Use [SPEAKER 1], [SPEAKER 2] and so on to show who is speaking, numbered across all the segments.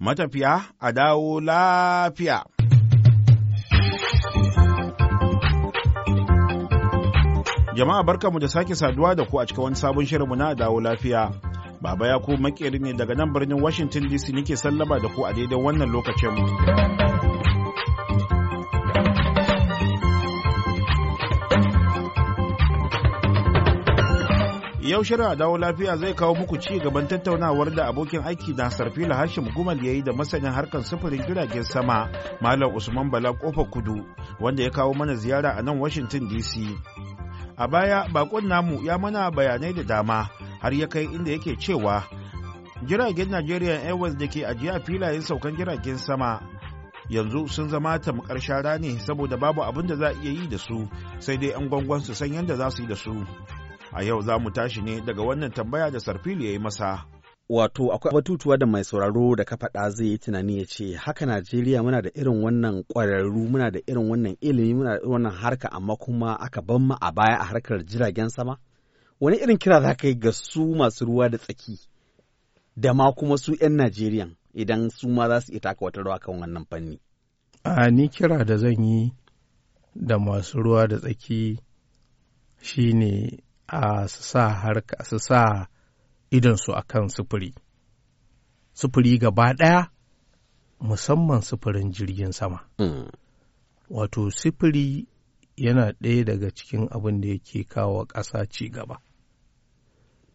[SPEAKER 1] matafiya a dawo lafiya. Jama'a barkamu da sake saduwa da ku a cikin wani sabon shirinmu na dawo lafiya. Baba ya ku makeri ne daga nan birnin Washington DC nake sallaba da ku a daidai wannan lokacin. Yau shirin a dawo lafiya zai kawo muku ci gaban tattaunawar da abokin aiki da Sarfila Hashim Gumal ya yi da masanin harkar sufurin jiragen sama Malam Usman Bala Kofa Kudu wanda ya kawo mana ziyara a nan Washington DC. A baya bakon namu ya mana bayanai da dama har ya kai inda yake cewa jiragen nigeria Airways da ke ajiye a filayen saukan jiragen sama yanzu sun zama tamkar shara ne saboda babu abin da za a iya yi da su sai dai 'yan gwangwan su san yadda za su yi da su. A yau za mu tashi
[SPEAKER 2] ne daga wannan tambaya da Sarfili ya yi masa. Wato akwai batutuwa da mai sauraro da ka faɗa zai yi tunani ya ce haka Najeriya muna da irin wannan ƙwararru muna da irin wannan ilimi muna da irin wannan harka amma kuma aka ban mu a baya a harkar jiragen sama. Wani irin kira za ka yi ga su masu ruwa da tsaki da ma kuma su 'yan Najeriya idan su ma za su iya taka wata rawa kan wannan fanni.
[SPEAKER 3] A ni kira da zan yi da masu ruwa da tsaki ne. a su sa harka su sa idonsu a kan sufuri sufuri gaba ɗaya musamman sufurin jirgin sama hmm. wato sufuri yana ɗaya daga cikin abin da yake kawo ƙasa ci gaba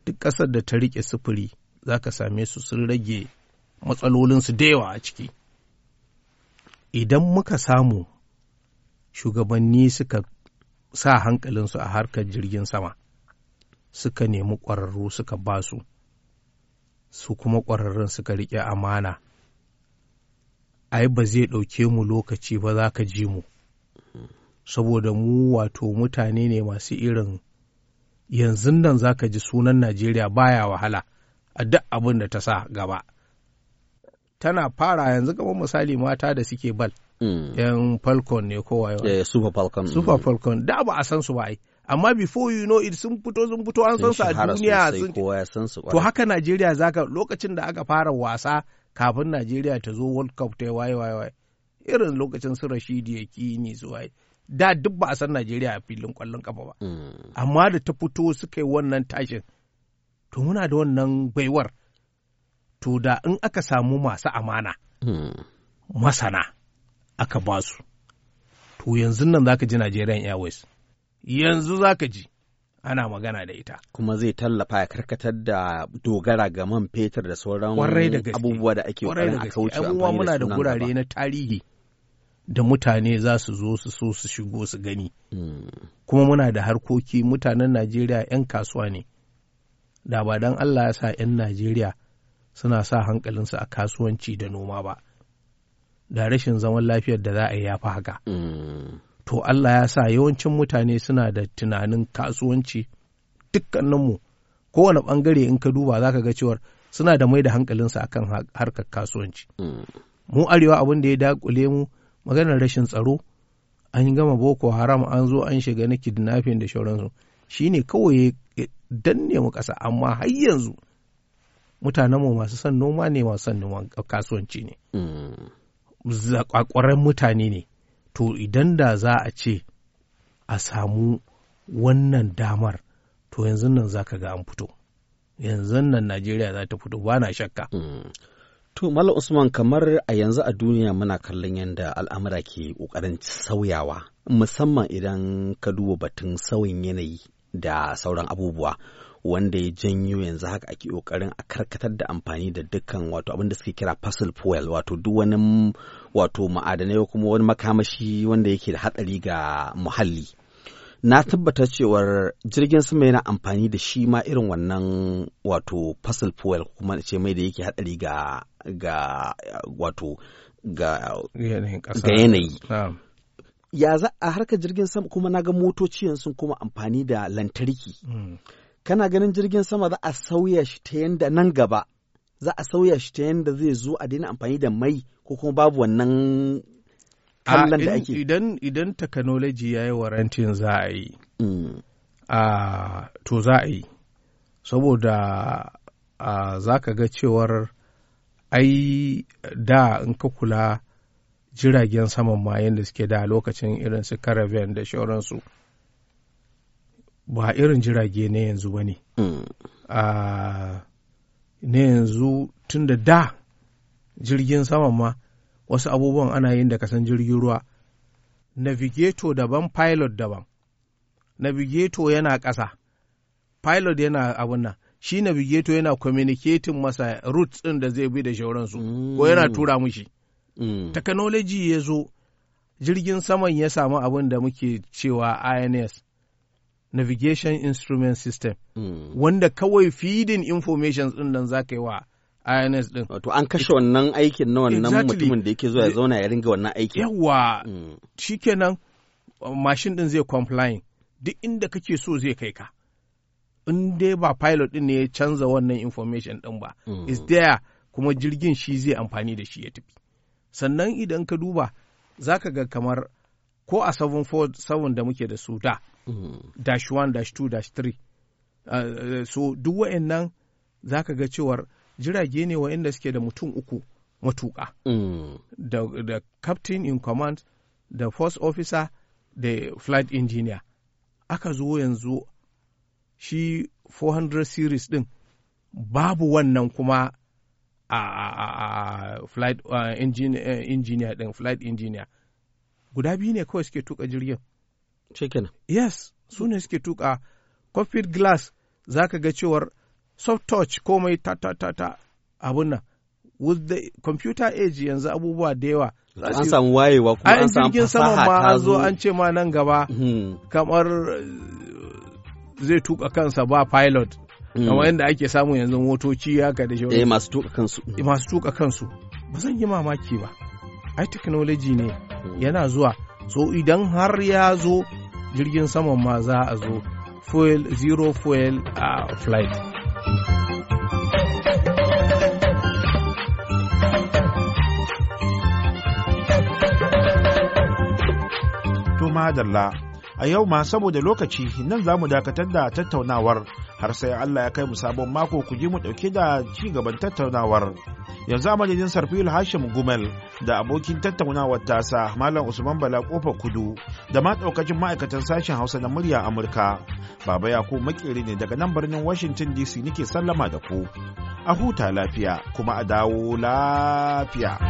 [SPEAKER 3] duk ƙasar da ta riƙe sufuri za ka same su sun rage matsalolinsu da yawa a ciki idan muka samu shugabanni suka sa hankalinsu a harkar jirgin sama suka nemi ƙwararru suka ba su su kuma ƙwararrun suka riƙe amana ai ba zai ɗauke mu lokaci ba za ka ji mu saboda mu wato mutane ne masu irin yanzu nan za ka ji sunan najeriya baya wahala a duk abin da ta sa gaba tana fara yanzu kamar misali mata da suke bal hmm. yan falcon ne kowa yawa
[SPEAKER 2] eh, super falcon super falcon
[SPEAKER 3] da ba a san su ba ai amma before you know it sun fito sun fito an san su a duniya
[SPEAKER 2] sun to haka
[SPEAKER 3] Najeriya zaka lokacin da aka fara wasa kafin Najeriya ta zo World Cup ta waye waye waye irin lokacin su Rashidi ya ni zuwa da duk ba a san Najeriya a filin kwallon kafa ba mm. amma da ta fito suka yi wannan tashin to muna da wannan baiwar to da in aka samu masu amana mm. masana aka ba su to yanzu nan zaka ji Najeriya Airways yanzu za ka ji ana magana da ita.
[SPEAKER 2] Kuma zai tallafa ya karkatar da dogara ga man fetur da sauran abubuwa da ake kwarai da kauce abubuwa muna da gurare na
[SPEAKER 3] tarihi da mutane za su zo su so su shigo su gani. Hmm. Kuma muna da harkoki mutanen Najeriya 'yan kasuwa ne. Da ba don Allah ya sa 'yan Najeriya suna sa hankalinsu a kasuwanci da noma ba. Da rashin zaman lafiyar da za a yi ya fi haka. Hmm. to Allah ya sa yawancin mutane suna da tunanin kasuwanci dukkaninmu kowane ɓangare in ka duba za ka ga cewar suna da mai da hankalinsa kan harkar kasuwanci hmm. mu arewa abin da ya dakule mu maganar rashin tsaro an gama boko haram an zo an shiga na kidnapping da shauransu ne kawai ya danne mu kasa amma har yanzu mutanenmu masu son noma ne masu son kasuwanci ne. Hmm. Zakwakwaren mutane ne. to idan da za a ce a samu wannan damar to yanzu nan za ka ga an
[SPEAKER 2] fito yanzu nan najeriya za ta fito ba na shakka mm. to mala usman kamar a yanzu a duniya muna kallon yadda al'amura ke ƙoƙarin sauyawa musamman idan ka duba batun sauyin yanayi da sauran abubuwa wanda ya janyo yanzu haka ake ƙoƙarin a karkatar da amfani da dukkan wato abin da suke kira fossil fuel wato duk wani wato ma'adanai kuma wani makamashi wanda yake da hatsari ga muhalli na tabbata cewar jirgin sama yana amfani da shi ma irin wannan wato fossil fuel kuma ce mai da yake hatsari ga ga wato ga yanayi ya za a harkar jirgin sama kuma na ga motoci yanzu kuma amfani da lantarki hmm. kana ganin jirgin sama za a sauya shi ta yanda nan gaba za a sauya shi ta yanda zai zo a daina amfani da mai ko kuma babu wannan kallon da ake
[SPEAKER 3] idan idan technology ya yi warantin za a yi
[SPEAKER 2] mm. to za
[SPEAKER 3] a yi saboda za ka ga cewar ai da in ka kula jiragen saman ma yanda suke da lokacin irin su caravan da shauransu ba irin jirage ne yanzu ba ne mm. ne yanzu tun da da jirgin sama ma wasu abubuwan ana yin da kasan jirgin ruwa navigator daban pilot daban navigator yana ƙasa pilot yana abun nan shi navigator yana communicating masa routes ɗin da zai bi da shauransu ko yana mm. tura mushi mm. technology ya zo jirgin saman ya samu abin da muke cewa ins navigation instrument system mm. wanda kawai feeding information din nan za ka yi wa
[SPEAKER 2] INS din. Wato an kashe wannan aikin na wannan mutumin da yake zuwa ya zauna ya ringa wannan aikin. Yawwa mm. kenan
[SPEAKER 3] uh, mashin din zai complying duk inda kake so zai kai ka. In dai ba pilot din ne ya canza wannan information din ba. Mm. Is there kuma jirgin shi zai amfani da shi ya tafi. Sannan idan ka duba za ka ga kamar ko a 747 da muke da su da mm. dash 1 dash 2 dash 3 uh, uh, so duk nan za ka ga cewar jirage ne inda suke da mutum uku matuƙa mm. da captain in command da first officer da flight engineer aka zo yanzu shi 400 series din babu wannan kuma a, flight engineer, ɗin, din flight engineer guda biyu ne kawai suke tuka jirgin Chicken. yes su ne suke tuka cockpit glass za ka ga cewar soft touch komai ta ta ta ta abun nan with the computer age yanzu abubuwa da yawa
[SPEAKER 2] an samu wayewa kuma an samu fasaha ta zo an
[SPEAKER 3] ce ma nan gaba hmm. kamar uh, zai tuka kansa ba pilot hmm. kamar yadda ake samu yanzu motoci haka da eh, shi masu tuka kansu eh, masu tuka kansu ba zan yi mamaki ba ai technology ne hmm. yana zuwa so idan har ya zo jirgin saman ma za a zo fuel zero fuel a uh, flight
[SPEAKER 1] madalla a yau ma saboda lokaci nan za mu dakatar da tattaunawar har sai Allah ya kai mu sabon mako ku ji mu ɗauke da ci gaban tattaunawar yanzu a madadin sarfil hashim gumel da abokin tattaunawar tasa malam usman bala kofar kudu da ma ma'aikatan sashen hausa na murya amurka baba ya yako makeri ne daga nan birnin washington dc nake sallama da ku a huta lafiya kuma a dawo lafiya